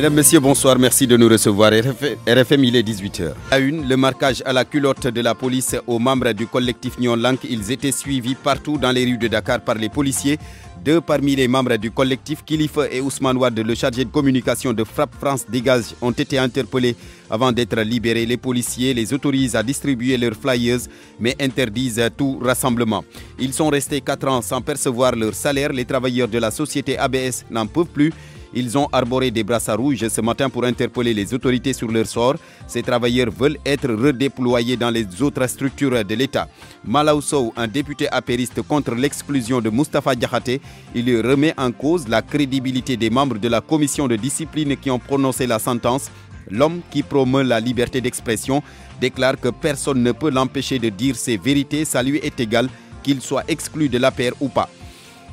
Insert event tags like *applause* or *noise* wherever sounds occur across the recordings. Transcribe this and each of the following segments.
Mesdames, Messieurs, bonsoir. Merci de nous recevoir. RFM, il est 18h. À une, le marquage à la culotte de la police aux membres du collectif Lank. Ils étaient suivis partout dans les rues de Dakar par les policiers. Deux parmi les membres du collectif, Kilif et Ousmane Wade, le chargé de communication de Frappe France Dégage, ont été interpellés avant d'être libérés. Les policiers les autorisent à distribuer leurs flyers, mais interdisent tout rassemblement. Ils sont restés quatre ans sans percevoir leur salaire. Les travailleurs de la société ABS n'en peuvent plus. Ils ont arboré des brassards rouges ce matin pour interpeller les autorités sur leur sort. Ces travailleurs veulent être redéployés dans les autres structures de l'État. Malausou, un député apériste contre l'exclusion de Mustapha Diakhaté, il remet en cause la crédibilité des membres de la commission de discipline qui ont prononcé la sentence L'homme qui promeut la liberté d'expression déclare que personne ne peut l'empêcher de dire ses vérités, ça lui est égal qu'il soit exclu de la ou pas.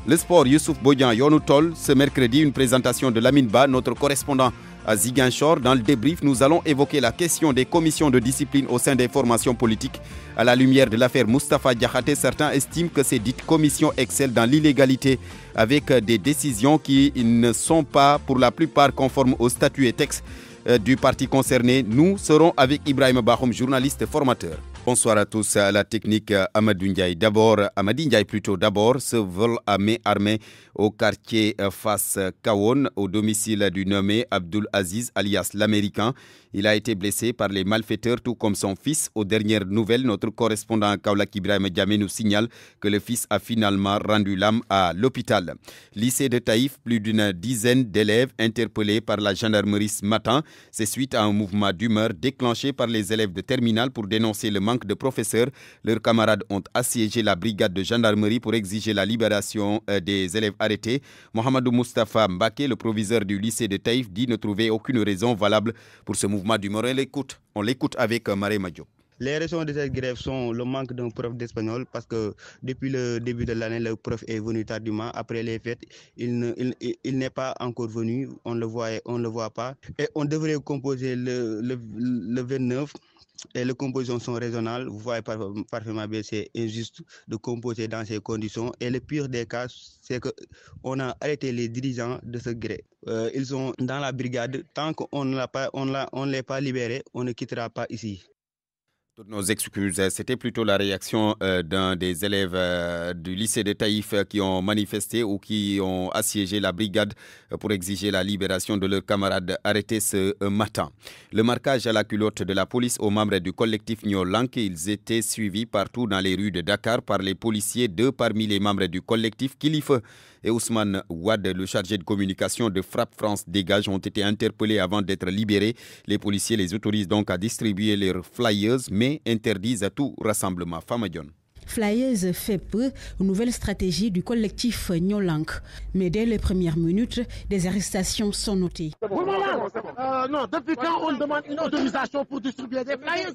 Le sport, Youssouf Bodian, Tol, Ce mercredi, une présentation de Lamine notre correspondant à Ziguinchor. Dans le débrief, nous allons évoquer la question des commissions de discipline au sein des formations politiques. À la lumière de l'affaire Mustafa Diakhaté, certains estiment que ces dites commissions excellent dans l'illégalité avec des décisions qui ne sont pas pour la plupart conformes aux statuts et textes euh, du parti concerné. Nous serons avec Ibrahim Bahoum, journaliste formateur. Bonsoir à tous. La technique Amadou Ndiaye d'abord, Amadou Ndiaye plutôt d'abord, se vol à armée au quartier euh, face euh, Kawon, au domicile du nommé Abdul Aziz alias l'Américain. Il a été blessé par les malfaiteurs, tout comme son fils. Aux dernières nouvelles, notre correspondant Kaulak Ibrahim Djamé nous signale que le fils a finalement rendu l'âme à l'hôpital. Lycée de Taïf, plus d'une dizaine d'élèves interpellés par la gendarmerie ce matin. C'est suite à un mouvement d'humeur déclenché par les élèves de terminale pour dénoncer le manque de professeurs. Leurs camarades ont assiégé la brigade de gendarmerie pour exiger la libération euh, des élèves arrêtés. Mohamedou Mustafa Mbake, le proviseur du lycée de Taïf, dit ne trouver aucune raison valable pour ce mouvement mouvement Morel On l'écoute, on l'écoute avec euh, Marie Madjo. Les raisons de cette grève sont le manque d'un prof d'espagnol parce que depuis le début de l'année, le prof est venu tardivement. Après les fêtes, il, n'est pas encore venu. On le voit et on ne le voit pas. Et on devrait composer le, le 29 et les compositions sont raisonnables. Vous voyez parfaitement bien, c'est injuste de composer dans ces conditions. Et le pire des cas, c'est qu'on a arrêté les dirigeants de ce gré. Euh, ils sont dans la brigade. Tant qu'on ne l'a pas, on l'est pas libéré, on ne quittera pas ici. Toutes nos excuses, c'était plutôt la réaction euh, d'un des élèves euh, du lycée de Taïf euh, qui ont manifesté ou qui ont assiégé la brigade pour exiger la libération de leurs camarades arrêtés ce matin. Le marquage à la culotte de la police aux membres du collectif Nyolank, ils étaient suivis partout dans les rues de Dakar par les policiers, deux parmi les membres du collectif Kilife et Ousmane Ouad, le chargé de communication de Frappe France Dégage, ont été interpellés avant d'être libérés. Les policiers les autorisent donc à distribuer leurs flyers, mais interdisent à tout rassemblement. Famadion. Flyers fait peu aux nouvelle stratégie du collectif Nyolank. Mais dès les premières minutes, des arrestations sont notées. Euh, non, depuis quand on demande une autorisation pour distribuer des flyers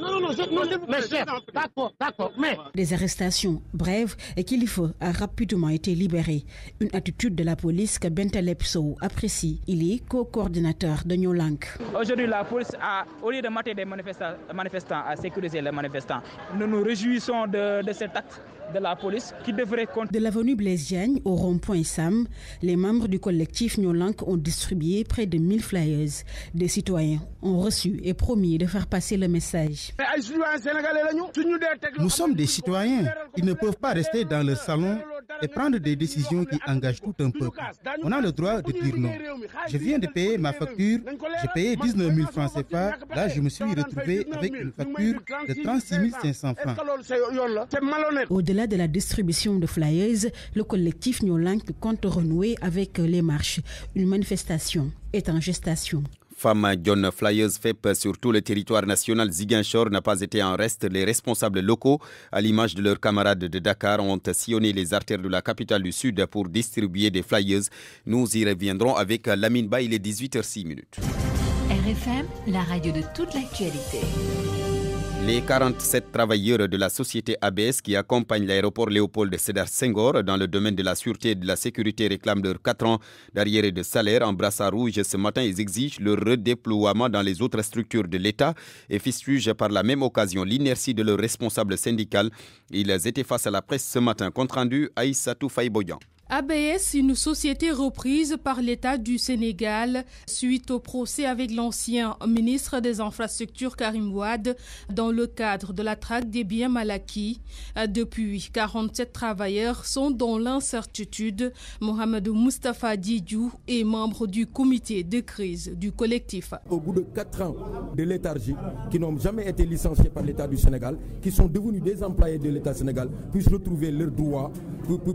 Non, non, non, je, pas. mais chef, d'accord, d'accord, mais... Des arrestations brèves et faut a rapidement été libéré. Une attitude de la police que Bentaleb apprécie. Il est co-coordinateur de Nyolank. Aujourd'hui, la police a, au lieu de mater des manifestants, a sécurisé les manifestants. Nous nous réjouissons de euh, de, cet acte de la police qui devrait compter. De l'avenue Blaise Diagne au rond-point Sam, les membres du collectif Nyolank ont distribué près de 1000 flyers. Des citoyens ont reçu et promis de faire passer le message. Nous sommes des citoyens. Ils ne peuvent pas rester dans le salon et prendre des décisions qui engagent tout un peuple. On a le droit de dire non. Je viens de payer ma facture, j'ai payé 19 000 francs CFA, là je me suis retrouvé avec une facture de 36 500 francs. Au-delà de la distribution de flyers, le collectif Nyolank compte renouer avec les marches. Une manifestation est en gestation. Femme John Flyers FEP sur tout le territoire national Ziguinchor n'a pas été en reste. Les responsables locaux, à l'image de leurs camarades de Dakar, ont sillonné les artères de la capitale du Sud pour distribuer des Flyers. Nous y reviendrons avec Lamine Bay, il est 18h06. RFM, la radio de toute l'actualité. Les 47 travailleurs de la société ABS qui accompagnent l'aéroport Léopold de Sédar Senghor dans le domaine de la sûreté et de la sécurité réclament leurs 4 ans et de salaire en brassard rouge. Ce matin, ils exigent le redéploiement dans les autres structures de l'État et fichent par la même occasion l'inertie de leurs responsables syndicales. Ils étaient face à la presse ce matin. Compte rendu, Aïssatou Faïboyan. ABS, une société reprise par l'État du Sénégal suite au procès avec l'ancien ministre des Infrastructures Karim Wade dans le cadre de la traque des biens mal acquis. Euh, depuis, 47 travailleurs sont dans l'incertitude. Mohamed Mustafa Didiou est membre du comité de crise du collectif. Au bout de 4 ans de léthargie, qui n'ont jamais été licenciés par l'État du Sénégal, qui sont devenus des employés de l'État sénégal, puissent retrouver leurs droits,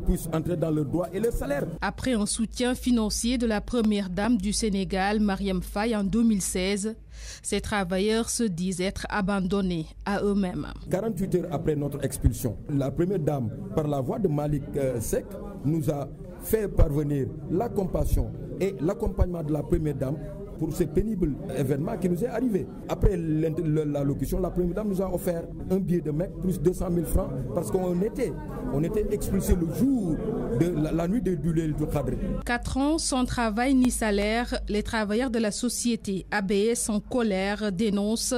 puissent entrer dans le droits salaire. Après un soutien financier de la première dame du Sénégal, Mariam Faye, en 2016, ces travailleurs se disent être abandonnés à eux-mêmes. 48 heures après notre expulsion, la première dame, par la voix de Malik euh, Sek, nous a fait parvenir la compassion et l'accompagnement de la première dame pour ce pénible événement qui nous est arrivé. Après l'allocution, la première dame nous a offert un billet de mec plus 200 000 francs parce qu'on était, on était expulsé le jour de la, nuit de, du, du cadre. Quatre ans sans travail ni salaire, les travailleurs de la société ABS en colère dénoncent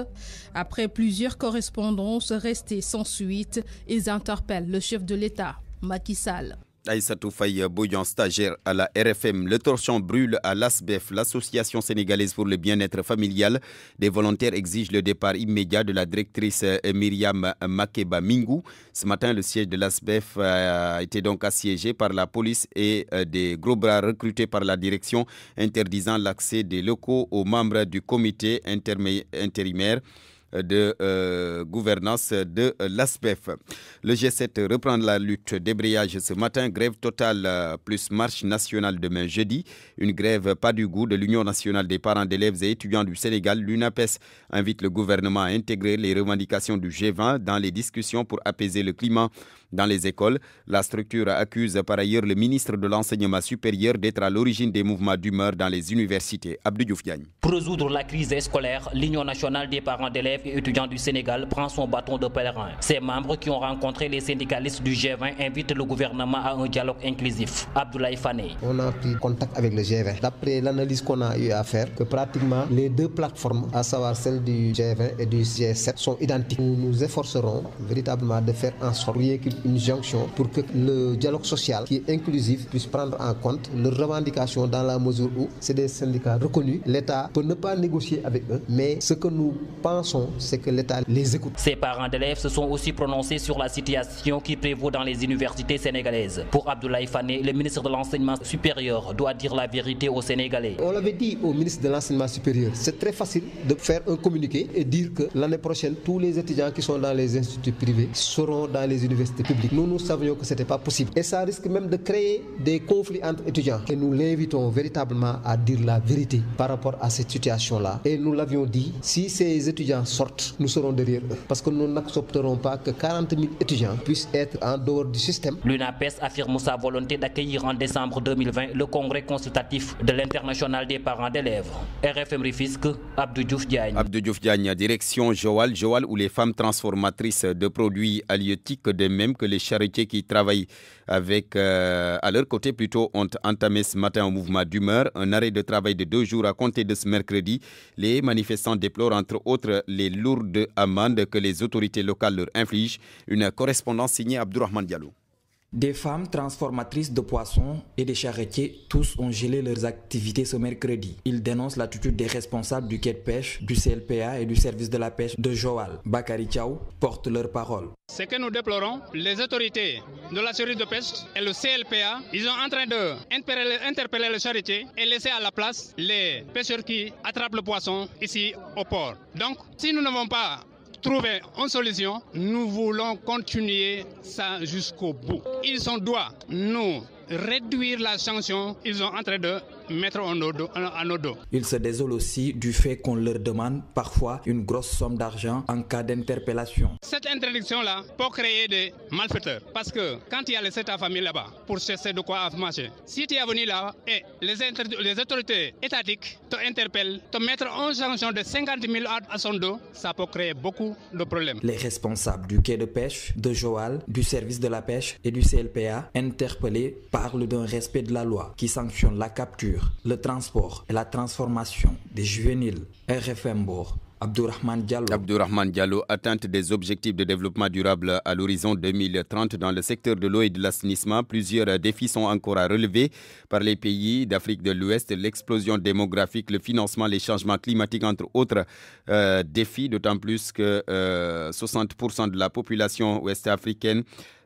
après plusieurs correspondances restées sans suite, ils interpellent le chef de l'État, Macky Sall. Aïssatou Faye Bouillon, stagiaire à la RFM. Le torchon brûle à l'ASBEF, l'Association sénégalaise pour le bien-être familial. Des volontaires exigent le départ immédiat de la directrice euh, Myriam Makeba Mingou. Ce matin, le siège de l'ASBEF euh, a été donc assiégé par la police et euh, des gros bras recrutés par la direction, interdisant l'accès des locaux aux membres du comité intérimaire de euh, gouvernance de l'ASPEF. Le G7 reprend la lutte débrayage ce matin, grève totale euh, plus marche nationale demain jeudi, une grève pas du goût de l'Union nationale des parents d'élèves et étudiants du Sénégal, l'UNAPES invite le gouvernement à intégrer les revendications du G20 dans les discussions pour apaiser le climat dans les écoles, la structure accuse par ailleurs le ministre de l'Enseignement supérieur d'être à l'origine des mouvements d'humeur dans les universités. Abdou Dioufdiagne. Pour résoudre la crise scolaire, l'Union nationale des parents d'élèves et étudiants du Sénégal prend son bâton de pèlerin. Ses membres qui ont rencontré les syndicalistes du G20 invitent le gouvernement à un dialogue inclusif. Abdoulaye Fane. On a pris contact avec le G20. D'après l'analyse qu'on a eu à faire, que pratiquement les deux plateformes, à savoir celle du G20 et du G7, sont identiques. Nous nous efforcerons véritablement de faire en sorte qu'il une jonction pour que le dialogue social qui est inclusif puisse prendre en compte leurs revendications dans la mesure où c'est des syndicats reconnus. L'État peut ne pas négocier avec eux, mais ce que nous pensons, c'est que l'État les écoute. Ces parents d'élèves se sont aussi prononcés sur la situation qui prévaut dans les universités sénégalaises. Pour Abdoulaye Fane, le ministre de l'Enseignement supérieur doit dire la vérité aux Sénégalais. On l'avait dit au ministre de l'Enseignement supérieur, c'est très facile de faire un communiqué et dire que l'année prochaine, tous les étudiants qui sont dans les instituts privés seront dans les universités public. Nous, nous savions que ce n'était pas possible. Et ça risque même de créer des conflits entre étudiants. Et nous l'invitons véritablement à dire la vérité par rapport à cette situation-là. Et nous l'avions dit, si ces étudiants sortent, nous serons derrière eux. Parce que nous n'accepterons pas que 40 000 étudiants puissent être en dehors du système. L'UNAPES affirme sa volonté d'accueillir en décembre 2020 le congrès consultatif de l'international des parents d'élèves. RFM Rifisque, Abdou Diouf Diagne. Abdou Diouf Diagne, direction Joal, Joal où les femmes transformatrices de produits halieutiques de même que les charretiers qui travaillent avec, euh, à leur côté plutôt ont entamé ce matin un mouvement d'humeur, un arrêt de travail de deux jours à compter de ce mercredi. Les manifestants déplorent entre autres les lourdes amendes que les autorités locales leur infligent. Une correspondance signée Abdourahman Diallo. Des femmes transformatrices de poissons et des charretiers, tous ont gelé leurs activités ce mercredi. Ils dénoncent l'attitude des responsables du quai de pêche, du CLPA et du service de la pêche de Joal. Bakari Tchao porte leur parole. Ce que nous déplorons, les autorités de la série de pêche et le CLPA, ils sont en train d'interpeller les charretiers et laisser à la place les pêcheurs qui attrapent le poisson ici au port. Donc, si nous n'avons pas trouver une solution, nous voulons continuer ça jusqu'au bout. Ils sont doit, nous, réduire la sanction, ils ont en train de mettre en nos dos. Ils se désolent aussi du fait qu'on leur demande parfois une grosse somme d'argent en cas d'interpellation. Cette interdiction-là peut créer des malfaiteurs. Parce que quand il y a les ta famille là-bas pour chercher de quoi marcher, si tu es venu là et les, les autorités étatiques te interpellent, te mettre en sanction de 50 000 à son dos, ça peut créer beaucoup de problèmes. Les responsables du quai de pêche, de Joal, du service de la pêche et du CLPA interpellés parle d'un respect de la loi qui sanctionne la capture, le transport et la transformation des juvéniles. RFM Bor Abdourahman Diallo. Abdourahman Diallo, atteinte des objectifs de développement durable à l'horizon 2030 dans le secteur de l'eau et de l'assainissement, plusieurs défis sont encore à relever par les pays d'Afrique de l'Ouest, l'explosion démographique, le financement, les changements climatiques, entre autres euh, défis, d'autant plus que 60% euh, de la population ouest africaine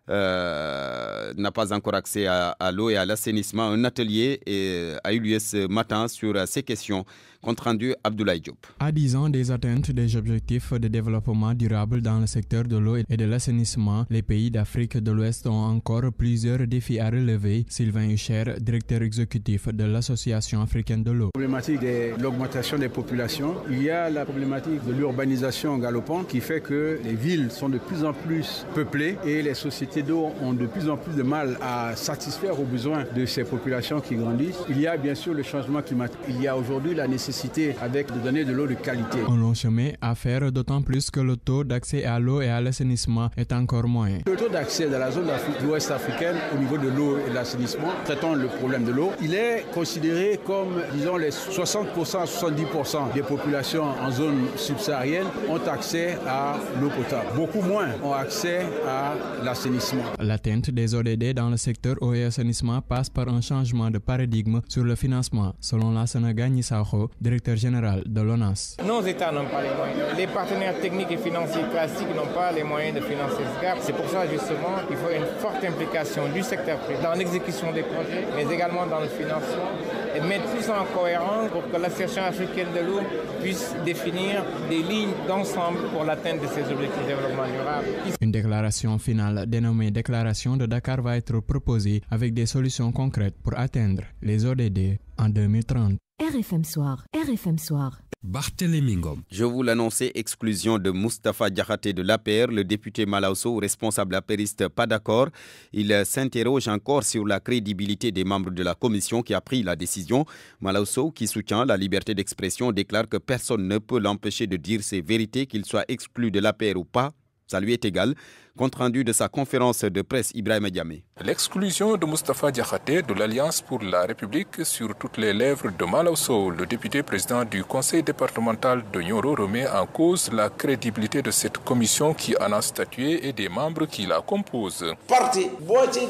euh, n'a pas encore accès à, l'eau et à l'assainissement. Un atelier euh, a eu lieu ce matin sur euh, ces questions. Compte rendu Abdoulaye Diop. À 10 ans des atteintes des objectifs de développement durable dans le secteur de l'eau et de l'assainissement, les pays d'Afrique de l'Ouest ont encore plusieurs défis à relever. Sylvain Hucher, directeur exécutif de l'Association africaine de l'eau. La problématique de l'augmentation des populations, il y a la problématique de l'urbanisation galopante qui fait que les villes sont de plus en plus peuplées et les sociétés d'eau ont de plus en plus de mal à satisfaire aux besoins de ces populations qui grandissent. Il y a bien sûr le changement climatique. Il y a aujourd'hui la nécessité avec de donner de l'eau de qualité. On long chemin à faire, d'autant plus que le taux d'accès à l'eau et à l'assainissement est encore moins. Le taux d'accès dans la zone de l'Ouest africaine au niveau de l'eau et de l'assainissement, traitant le problème de l'eau, il est considéré comme, disons, les 60% à 70% des populations en zone subsaharienne ont accès à l'eau potable. Beaucoup moins ont accès à l'assainissement. L'atteinte des ODD dans le secteur eau et assainissement passe par un changement de paradigme sur le financement, selon la Gagnissaro, directeur général de l'ONAS. Nos États n'ont pas les moyens. Les partenaires techniques et financiers classiques n'ont pas les moyens de financer ce gap. C'est pour ça justement qu'il faut une forte implication du secteur privé dans l'exécution des projets, mais également dans le financement, et mettre ça en cohérence pour que l'Association africaine de l'eau puisse définir des lignes d'ensemble pour l'atteinte de ces objectifs de développement durable. Une déclaration finale des dénommée déclaration de Dakar va être proposée avec des solutions concrètes pour atteindre les ODD en 2030. RFM Soir, RFM Soir. Barthélémy Je vous l'annonce, exclusion de Mustapha Diakhaté de l'APR, le député Malausso, responsable apériste, pas d'accord. Il s'interroge encore sur la crédibilité des membres de la commission qui a pris la décision. Malausso, qui soutient la liberté d'expression, déclare que personne ne peut l'empêcher de dire ses vérités, qu'il soit exclu de l'APR ou pas. Ça lui est égal. Compte rendu de sa conférence de presse Ibrahim Diamé. L'exclusion de Mustafa Diakhaté de l'Alliance pour la République sur toutes les lèvres de Soul, le député président du conseil départemental de Nyoro remet en cause la crédibilité de cette commission qui en a statué et des membres qui la composent. Parti, parti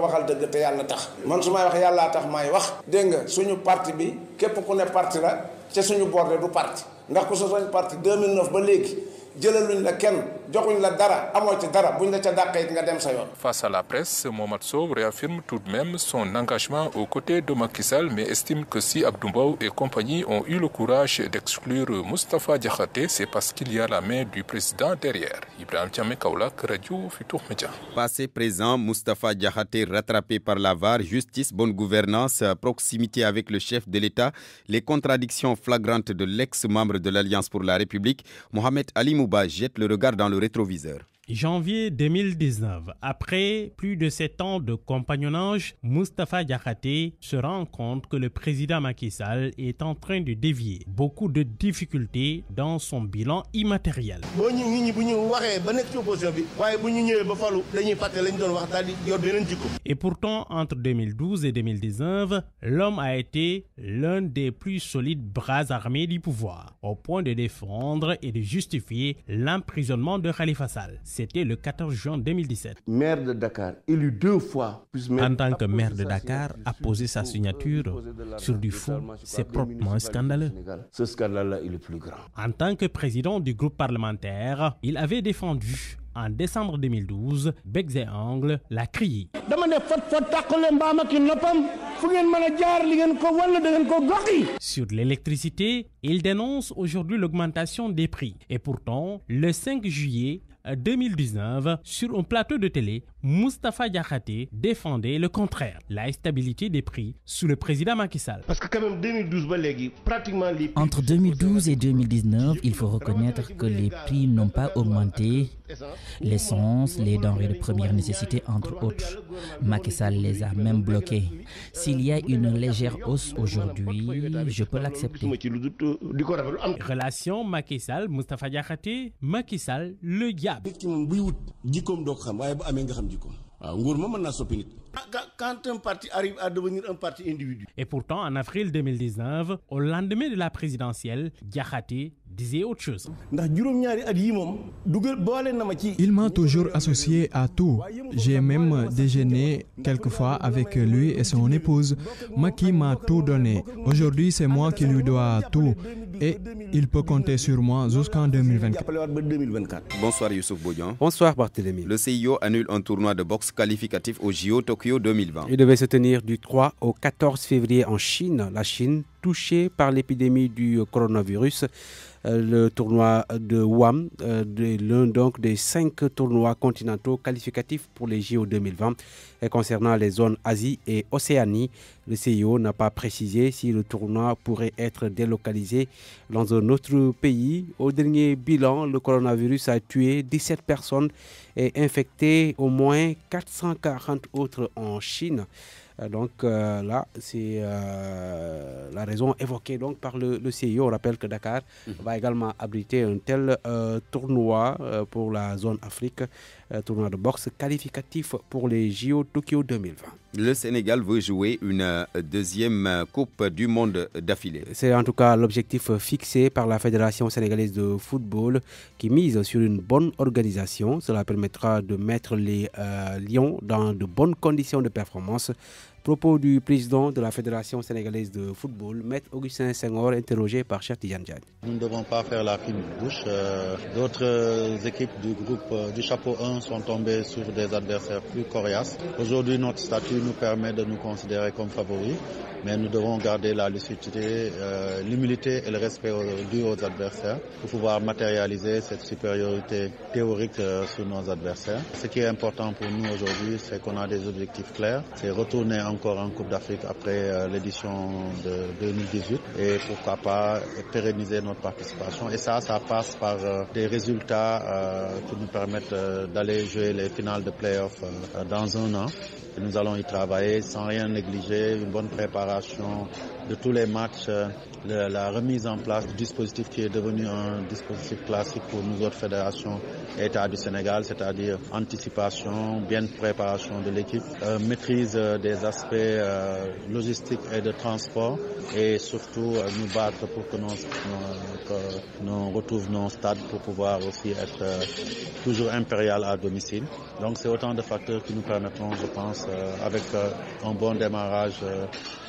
waxal dëgg te yàlla tax man su may wax yàllaa tax maay wax dégg nga suñu parti bi képp ku ne parti la ca suñu borde du parti ndax ku sa soñ parti 2009 ba léegi jëlaluñ la kenn face à la presse Mohamed Sow réaffirme tout de même son engagement aux côtés de Macky Sall mais estime que si Abdou et compagnie ont eu le courage d'exclure Moustapha Diakhaté c'est parce qu'il y a la main du président derrière Ibrahim Thiamé Radio Futur passé présent Moustapha Diakhaté rattrapé par la VAR justice bonne gouvernance proximité avec le chef de l'État les contradictions flagrantes de l'ex-membre de l'Alliance pour la République Mohamed Ali Mouba jette le regard dans le rétroviseur. Janvier 2019, après plus de sept ans de compagnonnage, Mustafa Diakhaté se rend compte que le président Macky Sall est en train de dévier beaucoup de difficultés dans son bilan immatériel. Et pourtant, entre 2012 et 2019, l'homme a été l'un des plus solides bras armés du pouvoir, au point de défendre et de justifier l'emprisonnement de Khalifa Sall. C'était le 14 juin 2017. Maire de Dakar, élu deux fois. En tant que maire de Dakar, a posé sa signature sur du fond, c'est proprement scandaleux. Ce scandale-là est le plus grand. En tant que président du groupe parlementaire, il avait défendu en décembre 2012, Bexé et Angle l'a crié. Sur l'électricité, il dénonce aujourd'hui l'augmentation des prix. Et pourtant, le 5 juillet, 2019 sur un plateau de télé Mustapha Diakhaté défendait le contraire, la stabilité des prix sous le président Macky Sall. Parce 2012, Entre 2012 et 2019, il faut reconnaître que les prix n'ont pas augmenté. L'essence, les denrées de première nécessité, entre autres. Macky Sall les a même bloqués. S'il y a une légère hausse aujourd'hui, je peux l'accepter. Relation Macky Sall, Mustapha Diakhaté, Macky Sall, le diable. Ah, quand un parti arrive à devenir un parti et pourtant en avril 2019 au lendemain de la présidentielle Diakhaté disait autre chose il m'a toujours associé à tout j'ai même déjeuné quelquefois avec lui et son épouse qui m'a tout donné aujourd'hui c'est moi qui lui dois tout et il peut compter sur moi jusqu'en 2024. Bonsoir Youssouf Boudian. Bonsoir Barthélémy. Le CIO annule un tournoi de boxe qualificatif au JO Tokyo 2020. Il devait se tenir du 3 au 14 février en Chine. La Chine touchée par l'épidémie du coronavirus euh, le tournoi de WAM, euh, l'un donc des cinq tournois continentaux qualificatifs pour les JO 2020. Et concernant les zones Asie et Océanie, le CIO n'a pas précisé si le tournoi pourrait être délocalisé dans un autre pays. Au dernier bilan, le coronavirus a tué 17 personnes et infecté au moins 440 autres en Chine. Euh, donc euh, là, c'est euh, la raison évoquée donc, par le, le CIO. On rappelle que Dakar mhm. va également abriter un tel tournoi pour la zone Afrique, tournoi de boxe qualificatif pour les JO Tokyo 2020. Le Sénégal veut jouer une deuxième Coupe du Monde d'affilée. C'est en tout cas l'objectif fixé par la Fédération sénégalaise de football qui mise sur une bonne organisation. Cela permettra de mettre les Lions dans de bonnes conditions de performance Propos du président de la Fédération sénégalaise de football, Maître Augustin Senghor, interrogé par Cheikh Djad. Nous ne devons pas faire la fine bouche. Euh, d'autres euh, équipes du groupe euh, du chapeau 1 sont tombées sur des adversaires plus coriaces. Aujourd'hui, notre statut nous permet de nous considérer comme favoris, mais nous devons garder la lucidité, l'humilité et le respect dû aux adversaires pour pouvoir matérialiser cette supériorité théorique sur nos adversaires. Ce qui est important pour nous aujourd'hui, c'est qu'on a des objectifs clairs, c'est retourner encore en Coupe d'Afrique après euh, l'édition de 2018 et pourquoi pas pérenniser notre participation. Et ça, ça passe par euh, des résultats euh, qui nous permettent d'aller jouer les finales de playoffs dans un an. Nous allons y travailler sans rien négliger, une bonne préparation de tous les matchs, euh, la remise en place du dispositif qui est devenu un dispositif classique pour nous autres fédérations et du Sénégal, c'est-à-dire anticipation, bien préparation de l'équipe, euh, maîtrise euh, des aspects logistiques et de transport et surtout nous battre pour que nous, que nos stades pour pouvoir aussi être toujours impérial à domicile. Donc c'est autant de facteurs qui nous permettront, je pense, avec un bon démarrage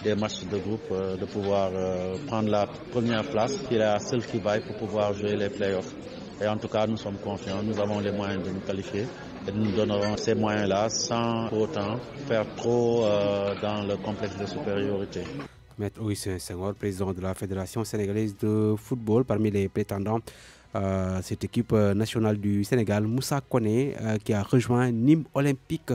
des matchs de groupe, euh, de pouvoir euh, prendre la première place, qui est la seule qui vaille pour pouvoir jouer les playoffs. Et en tout cas, nous sommes confiants, nous avons les moyens de nous qualifier et nous donnerons ces moyens-là sans autant faire trop euh, dans le complexe de supériorité. Maître Oussein Senghor, président de la Fédération sénégalaise de football, parmi les prétendants, euh, cette équipe nationale du Sénégal, Moussa Kone, qui a rejoint Nîmes Olympique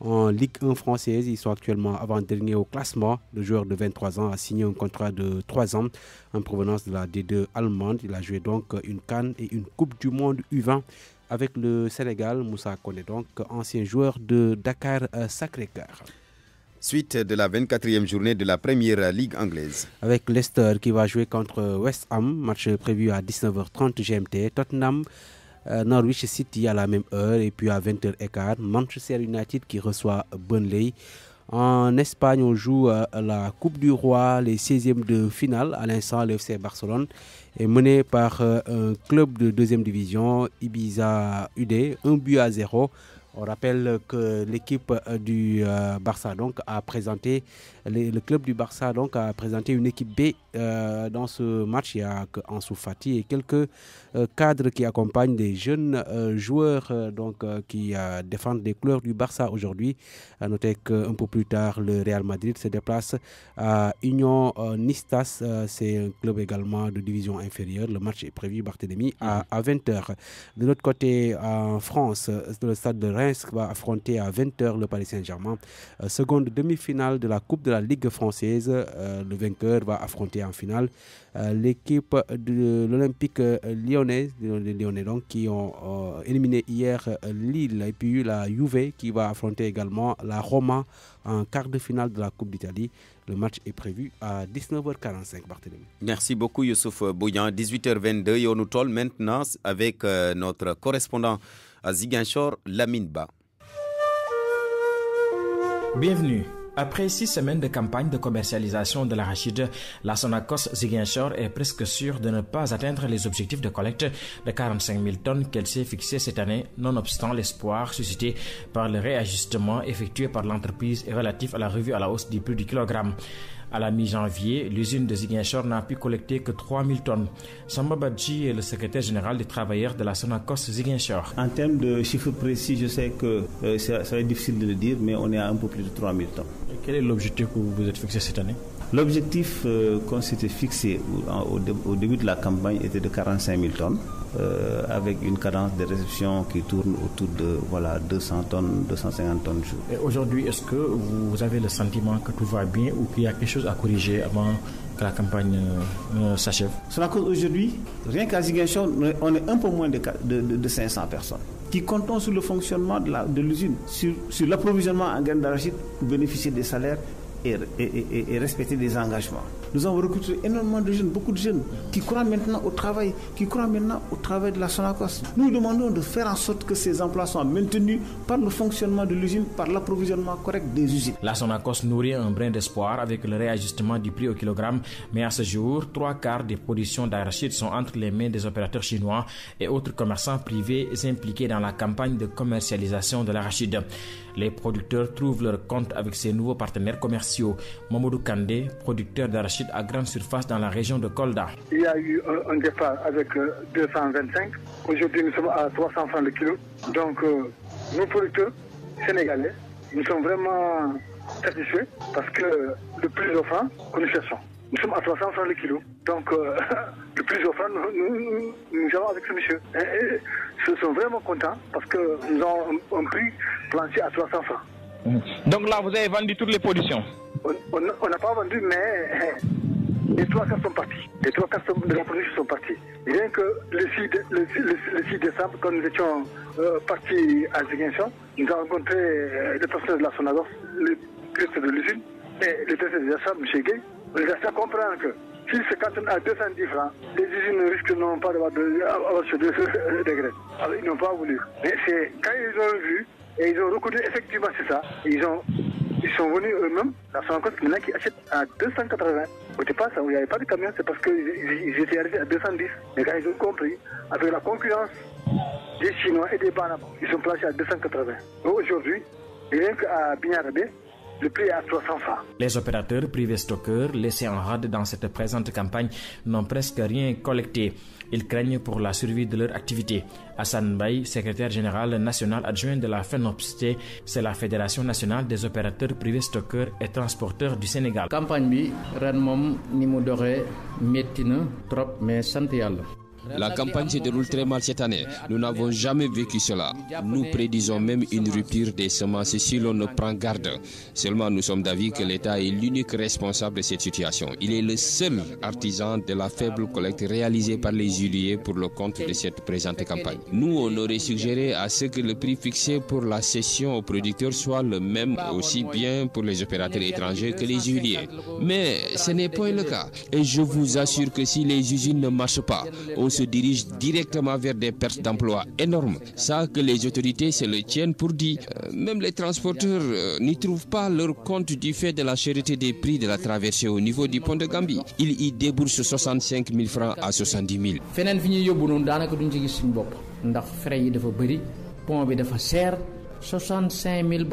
en Ligue 1 française. Ils sont actuellement avant-dernier au classement. Le joueur de 23 ans a signé un contrat de 3 ans en provenance de la D2 allemande. Il a joué donc une Cannes et une Coupe du Monde U20 avec le Sénégal. Moussa Kone, donc ancien joueur de Dakar Sacré-Cœur. Suite de la 24e journée de la Première Ligue anglaise. Avec Leicester qui va jouer contre West Ham, match prévu à 19h30 GMT. Tottenham euh, Norwich City à la même heure et puis à 20h15, Manchester United qui reçoit Burnley. En Espagne, on joue euh, la Coupe du Roi, les 16e de finale. À l'instant, l'FC Barcelone est mené par euh, un club de deuxième division, Ibiza UD, un but à 0 on rappelle que l'équipe euh, du euh, Barça donc a présenté le, club du Barça donc a présenté une équipe B euh, dans ce match. Il y a Ansu Fati et quelques cadres qui accompagnent des jeunes joueurs donc qui défendent des couleurs du Barça aujourd'hui. A noter qu'un peu plus tard le Real Madrid se déplace à Union Nistas. C'est un club également de division inférieure. Le match est prévu Barthélémy à, 20h. Mm. De l'autre côté en France, le stade de Reims va affronter à 20h le Paris Saint-Germain. Euh, seconde demi-finale de la Coupe de la Ligue française, euh, le vainqueur va affronter en finale euh, l'équipe de l'Olympique lyonnais, lyonnais donc, qui ont éliminé hier Lille et puis la Juve qui va affronter également la Roma en quart de finale de la Coupe d'Italie. Le match est prévu à 19h45, Barthélémy. Merci beaucoup, Youssouf Bouyan. 18h22, et on nous maintenant avec notre correspondant à Laminba. Bienvenue. Après six semaines de campagne de commercialisation de l'arachide, la Sonacos Ziguinchor est presque sûre de ne pas atteindre les objectifs de collecte de 45 000 tonnes qu'elle s'est fixée cette année, nonobstant l'espoir suscité par le réajustement effectué par l'entreprise et relatif à la revue à la hausse du prix du kilogramme. À la mi-janvier, l'usine de Ziguinchor n'a pu collecter que 3 000 tonnes. Samba Badji est le secrétaire général des travailleurs de la Sonacos Ziguinchor. En termes de chiffres précis, je sais que euh, ça, va être difficile de le dire, mais on est à un peu plus de 3 000 tonnes. quel est l'objectif que vous vous êtes fixé cette année L'objectif euh, qu'on s'était fixé au, au début de la campagne était de 45 000 tonnes. Euh, avec une cadence de réception qui tourne autour de voilà, 200 tonnes, 250 tonnes jour. Et aujourd'hui, est-ce que vous avez le sentiment que tout va bien ou qu'il y a quelque chose à corriger avant que la campagne euh, euh, s'achève s'achève Cela cause aujourd'hui, rien qu'à Ziguinchon, on est un peu moins de, 500 personnes qui comptent sur le fonctionnement de l'usine, sur, l'approvisionnement en graines d'arachide pour bénéficier des salaires et, respecter des engagements. Nous avons recruté énormément de jeunes, beaucoup de jeunes, qui croient maintenant au travail, qui croient maintenant au travail de la Sonacos. Nous demandons de faire en sorte que ces emplois soient maintenus par le fonctionnement de l'usine, par l'approvisionnement correct des usines. La Sonacos nourrit un brin d'espoir avec le réajustement du prix au kilogramme, mais à ce jour, trois quarts des productions d'arachides sont entre les mains des opérateurs chinois et autres commerçants privés impliqués dans la campagne de commercialisation de l'arachide. Les producteurs trouvent leur compte avec ces nouveaux partenaires commerciaux commerciaux. Mamoudou Kandé, producteur d'arachides à grande surface dans la région de Kolda. Il y a eu un, départ avec 225. Euh, Aujourd'hui, nous sommes à 300 francs euh, le kilo. Donc, nos producteurs sénégalais, nous sommes vraiment satisfaits parce que le plus offrant que nous Nous sommes à 300 francs le kilo. Donc, euh, *laughs* le plus offrant, nous, nous, avec ce monsieur. Et, nous sommes vraiment contents parce que nous avons un, un prix planché à 300 francs. Donc là, vous avez vendu toutes les pollutions On n'a pas vendu, mais *laughs* les trois cartes sont partis. Les trois cartes de la production sont partis. Rien que le 6, décembre, quand nous étions euh, partis à Ziguinchon, nous avons rencontré euh, le personnel de la SONADOR le directeur de l'usine et le directeur de la M. Gay. On les a fait comprendre que s'ils se cantonnent à 210 francs, les usines risquent non pas d'avoir de, de, de, *laughs* Alors, ils n'ont pas voulu. Mais c'est quand ils ont vu et ils ont reconnu effectivement, c'est ça. Ils, ont, ils sont venus eux-mêmes. Ils se compte qu'il y en a qui achètent à 280. Au départ, il n'y avait pas de camion, c'est parce qu'ils étaient arrivés à 210. Mais quand ils ont compris. Avec la concurrence des Chinois et des Barabas, ils sont placés à 280. Aujourd'hui, rien qu'à Bignarabé, le à Les opérateurs privés stockeurs laissés en rade dans cette présente campagne n'ont presque rien collecté. Ils craignent pour la survie de leur activité. Hassan Bay, secrétaire général national adjoint de la FENOPST, c'est la Fédération nationale des opérateurs privés stockeurs et transporteurs du Sénégal. Campagne la campagne se déroule très mal cette année. Nous n'avons jamais vécu cela. Nous prédisons même une rupture des semences si l'on ne prend garde. Seulement, nous sommes d'avis que l'État est l'unique responsable de cette situation. Il est le seul artisan de la faible collecte réalisée par les huiliers pour le compte de cette présente campagne. Nous, on aurait suggéré à ce que le prix fixé pour la cession aux producteurs soit le même aussi bien pour les opérateurs étrangers que les huiliers. Mais ce n'est pas le cas. Et je vous assure que si les usines ne marchent pas, on dirige directement vers des pertes d'emplois énormes. Ça que les autorités se le tiennent pour dit. Euh, même les transporteurs euh, n'y trouvent pas leur compte du fait de la chérité des prix de la traversée au niveau du pont de Gambie. Ils y déboursent 65 000 francs à 70 000. 65 000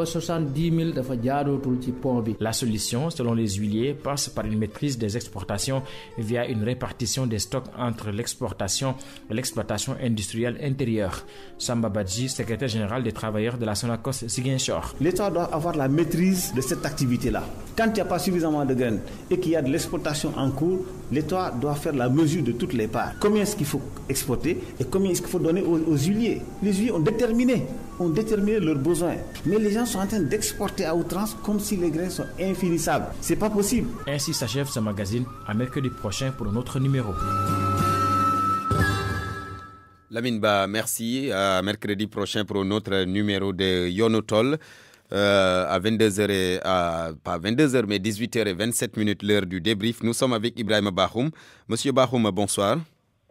La solution selon les huiliers passe par une maîtrise des exportations via une répartition des stocks entre l'exportation et l'exploitation industrielle intérieure. Samba Badji, secrétaire général des travailleurs de la Sonacos Siginshore. L'État doit avoir la maîtrise de cette activité-là. Quand il n'y a pas suffisamment de graines et qu'il y a de l'exportation en cours, l'État doit faire la mesure de toutes les parts. Combien est-ce qu'il faut exporter et combien est-ce qu'il faut donner aux huiliers Les huiliers ont déterminé ont déterminé leurs besoins. Mais les gens sont en train d'exporter à outrance comme si les grains sont infinissables. C'est pas possible. Ainsi s'achève ce magazine. À mercredi prochain pour notre numéro. Lamine Ba, merci. À mercredi prochain pour notre numéro de Yonotol. Euh, à 22h à, pas 22h mais 18h et 27 minutes l'heure du débrief. Nous sommes avec Ibrahim Bahoum. Monsieur Bahoum, bonsoir.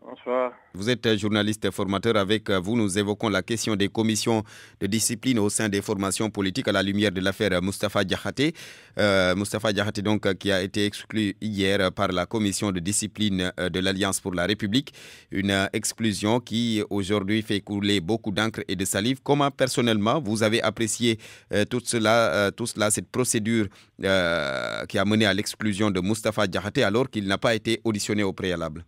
Bonsoir. Vous êtes journaliste et formateur avec euh, vous. Nous évoquons la question des commissions de discipline au sein des formations politiques à la lumière de l'affaire Mustapha Diakhaté. Euh, Mustapha donc, qui a été exclu hier par la commission de discipline euh, de l'Alliance pour la République. Une euh, exclusion qui, aujourd'hui, fait couler beaucoup d'encre et de salive. Comment, personnellement, vous avez apprécié tout, cela, tout cela, cette procédure qui a mené à l'exclusion de Mustapha Diakhaté alors qu'il n'a pas été auditionné au préalable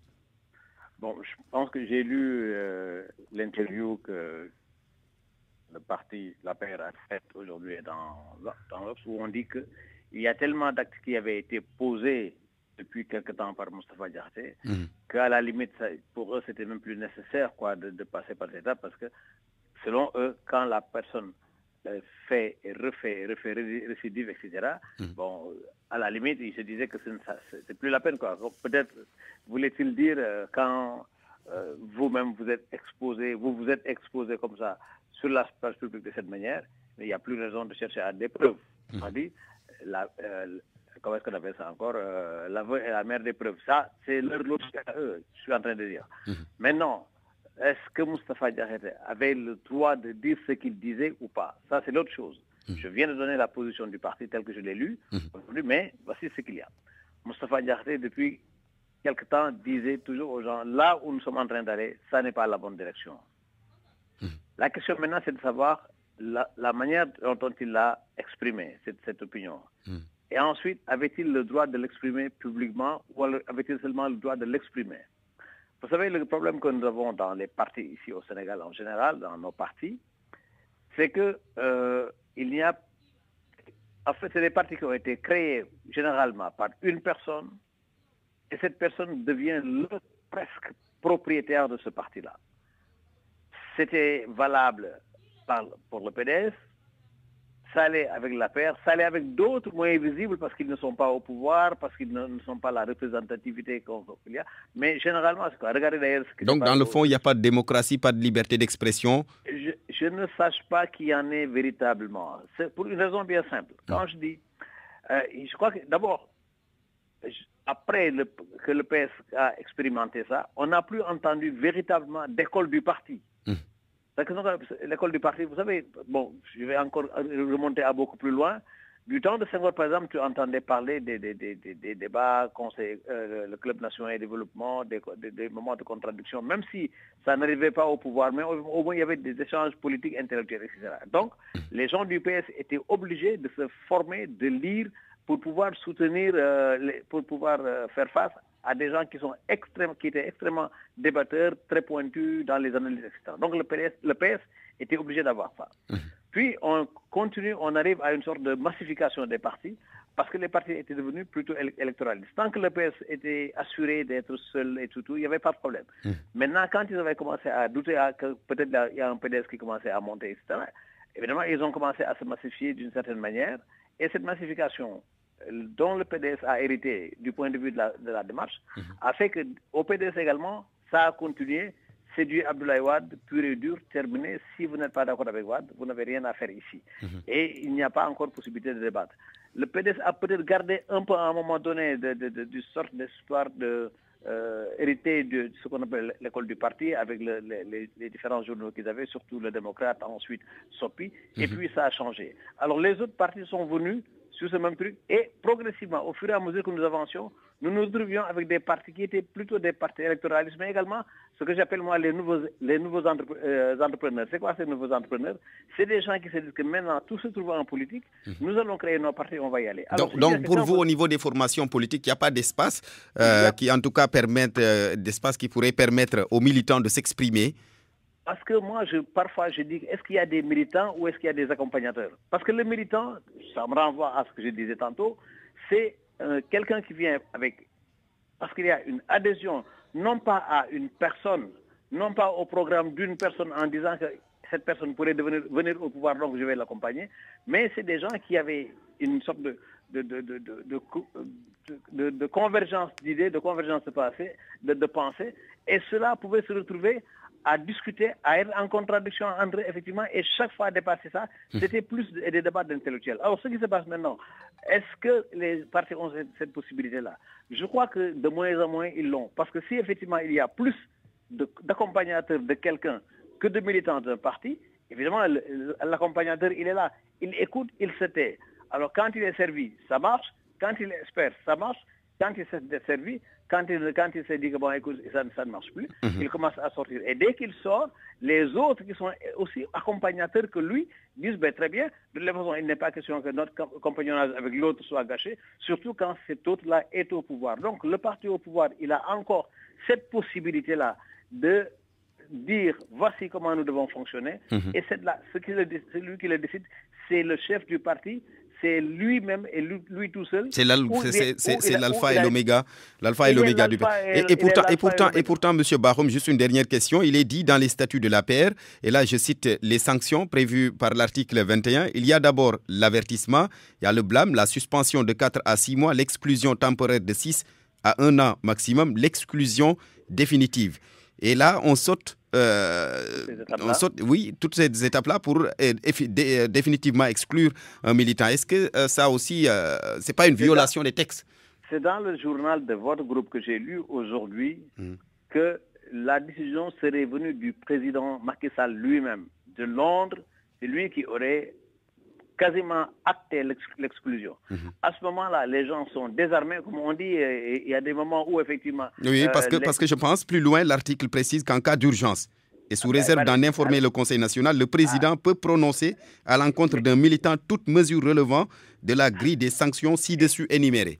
Bon, je pense que j'ai lu euh, l'interview que le parti, la paire a faite aujourd'hui dans, dans l'Obs, où on dit qu'il y a tellement d'actes qui avaient été posés depuis quelque temps par Mustafa Diarté, hmm. qu'à la limite, pour eux, c'était même plus nécessaire quoi, de, passer par l'État, parce que selon eux, quand la personne euh, fait et refait, refait, récidive, etc. Hum. Bon, euh, à la limite, il se disait que c'est plus la peine. Quoi. peut-être voulait-il dire euh, quand vous-même vous êtes exposé, vous vous êtes exposé comme ça sur la public publique de cette manière, il n'y a plus raison de chercher à des preuves. Hum. On dit, comment est-ce qu'on appelle ça encore La et la mère des preuves. Ça, c'est leur logique à eux, je suis en train de dire. Hum. Maintenant, est-ce que Mustafa Diakhaté avait le droit de dire ce qu'il disait ou pas Ça, c'est l'autre chose. Hum. Je viens de donner la position du parti tel que je l'ai lue, hum. mais voici ce qu'il y a. Mustafa depuis quelque temps, disait toujours aux gens, là où nous sommes en train d'aller, ça n'est pas la bonne direction. Hum. La question maintenant, c'est de savoir la, manière dont il a exprimé cette, cette opinion. Et ensuite, avait-il le droit de l'exprimer publiquement ou avait-il seulement le droit de l'exprimer vous savez, le problème que nous avons dans les partis ici au Sénégal en général, dans nos partis, c'est que euh, il n'y a en fait, c'est des partis qui ont été créés généralement par une personne, et cette personne devient presque propriétaire de ce parti-là. C'était valable pour le PDS, ça allait avec la paire, ça allait avec d'autres moyens visibles parce qu'ils ne sont pas au pouvoir, parce qu'ils ne, sont pas la représentativité qu'il y a. Mais généralement, Regardez d'ailleurs ce que Donc, dans le fond, il n'y a pas de démocratie, pas de liberté d'expression je, ne sache pas qu'il y en ait véritablement. C'est pour une raison bien simple. Ah. Quand je dis, euh, je crois que d'abord, après que le PS a expérimenté ça, on n'a plus entendu véritablement d'école du parti. Hum. Euh, l'école du parti, vous savez, bon, je vais encore remonter à beaucoup plus loin. Du temps de Senghor, par exemple, tu entendais parler des, débats, conseil, euh, le Club national et développement, des, moments de contradiction, même si ça n'arrivait pas au pouvoir, mais au, moins il y avait des échanges politiques, intellectuels, etc. Donc, les gens du PS étaient obligés de se former, de lire pour pouvoir soutenir, euh, pour pouvoir faire face à des gens qui, sont extrêmes, qui étaient extrêmement débatteurs, très pointus dans les analyses, etc. Donc le PS, était obligé d'avoir ça. Mhm. Puis on continue, on arrive à une sorte de massification des partis, parce que les partis étaient devenus plutôt électoralistes. Tant que le PS était assuré d'être seul et tout, il n'y avait pas de problème. Mhm. Maintenant, quand ils avaient commencé à douter à, ah, que peut-être il y a un PDS qui commençait à monter, etc., évidemment, ils ont commencé à se massifier d'une certaine manière, et cette massification dont le PDS a hérité du point de vue de la, démarche, mhm. a fait qu'au PDS également, ça a continué. séduit Abdoulaye Wad, pur et dur, terminé. Si vous n'êtes pas d'accord avec Wad, vous n'avez rien à faire ici. Mhm. Et il n'y a pas encore possibilité de débattre. Le PDS a peut-être gardé un peu à un moment donné de, sorte d'espoir de, euh, hérité de ce qu'on appelle l'école du parti, avec les, différents journaux qu'ils avaient, surtout le démocrate, ensuite Sopi, et mhm. puis ça a changé. Alors les autres partis sont venus sur ce même truc. Et progressivement, au fur et à mesure que nous avancions, nous nous trouvions avec des partis qui étaient plutôt des partis électoralistes, mais également ce que j'appelle moi les nouveaux, les nouveaux euh, entrepreneurs. C'est quoi ces nouveaux entrepreneurs C'est des gens qui se disent que maintenant, tout se trouve en politique, mhm. nous allons créer nos partis, on va y aller. donc, pour vous, au niveau des formations politiques, il n'y a pas d'espace euh, qui, en tout cas, permette, euh, d'espace qui pourrait permettre aux militants de s'exprimer parce que moi, je, parfois, je dis, est-ce qu'il y a des militants ou est-ce qu'il y a des accompagnateurs Parce que le militant, ça me renvoie à ce que je disais tantôt, c'est euh, quelqu'un qui vient avec... Parce qu'il y a une adhésion, non pas à une personne, non pas au programme d'une personne en disant que cette personne pourrait venir au pouvoir, donc je vais l'accompagner, mais c'est des gens qui avaient une sorte de, convergence d'idées, de convergence de pensées, de, de pensée, et cela pouvait se retrouver à discuter, à être en contradiction entre effectivement, et chaque fois à dépasser ça, hmm. c'était plus des débats d'intellectuels. Alors, ce qui se passe maintenant, est-ce que les partis ont cette possibilité-là Je crois que de moins en moins, ils l'ont. Parce que si, effectivement, il y a plus d'accompagnateurs de, de quelqu'un que de militants d'un parti, évidemment, l'accompagnateur, il est là. Il écoute, il se Alors, quand il est servi, ça marche. Quand il espère, ça marche. Quand il s'est desservi, quand il, s'est dit que bon, écoute, ça, ne marche plus, mhm. il commence à sortir. Et dès qu'il sort, les autres qui sont aussi accompagnateurs que lui disent ben, très bien, de la façon, il n'est pas question que notre compagnonnage avec l'autre soit gâché, surtout quand cet autre-là est au pouvoir. Donc le parti au pouvoir, il a encore cette possibilité-là de dire voici comment nous devons fonctionner. Mhm. Et c'est celui qui le décide, c'est le chef du parti c'est lui-même et lui, tout seul. C'est l'alpha et l'oméga, l'alpha et l'oméga du et, et, pourtant, et pourtant, et pourtant, Monsieur juste une dernière question. Il est dit dans les statuts de la paire, et là je cite les sanctions prévues par l'article 21. Il y a d'abord l'avertissement, il y a le blâme, la suspension de 4 à 6 mois, l'exclusion temporaire de 6 à 1 an maximum, l'exclusion définitive. Et là, on saute euh, oui, toutes ces étapes-là pour euh, euh, définitivement exclure un militant. Est-ce que ça aussi, ce c'est pas une violation des textes C'est dans le journal de votre groupe que j'ai lu aujourd'hui hmm. que la décision serait venue du président Macky lui-même de Londres. C'est lui qui aurait quasiment acté l'exclusion. Mhm. À ce moment-là, les gens sont désarmés, comme on dit, et il y a des moments où effectivement... Oui, parce, euh, que, parce que je pense plus loin, l'article précise qu'en cas d'urgence, et sous ah ben, réserve d'en informer le Conseil national, le président ah. peut prononcer à l'encontre d'un militant toute mesure relevant de la grille des sanctions ci-dessus énumérées.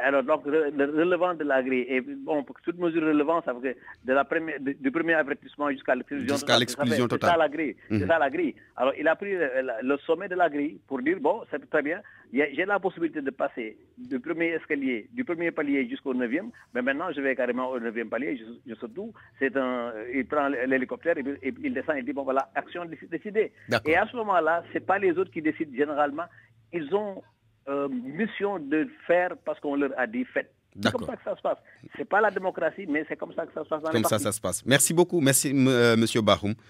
Alors, donc, le relevant de la grille, et bon, toute mesure relevant, ça veut dire de la première, du premier avertissement jusqu'à l'exclusion jusqu'à totale. C'est ça la grille. Mhm. la grille. Alors, il a pris euh, le, sommet de la grille pour dire, bon, c'est très bien, j'ai la possibilité de passer du premier escalier, du premier palier jusqu'au neuvième, mais maintenant, je vais carrément au neuvième palier, je, saute tout. C'est un, euh, il prend l'hélicoptère, il descend, il dit, bon, voilà, action décidée. Et à ce moment-là, c'est pas les autres qui décident généralement. Ils ont euh, mission de faire parce qu'on leur a dit faites. C'est comme ça que ça se passe. C'est pas la démocratie, mais c'est comme ça que ça se passe comme ça, ça se passe. Merci beaucoup. Merci, euh, Monsieur Bahoum.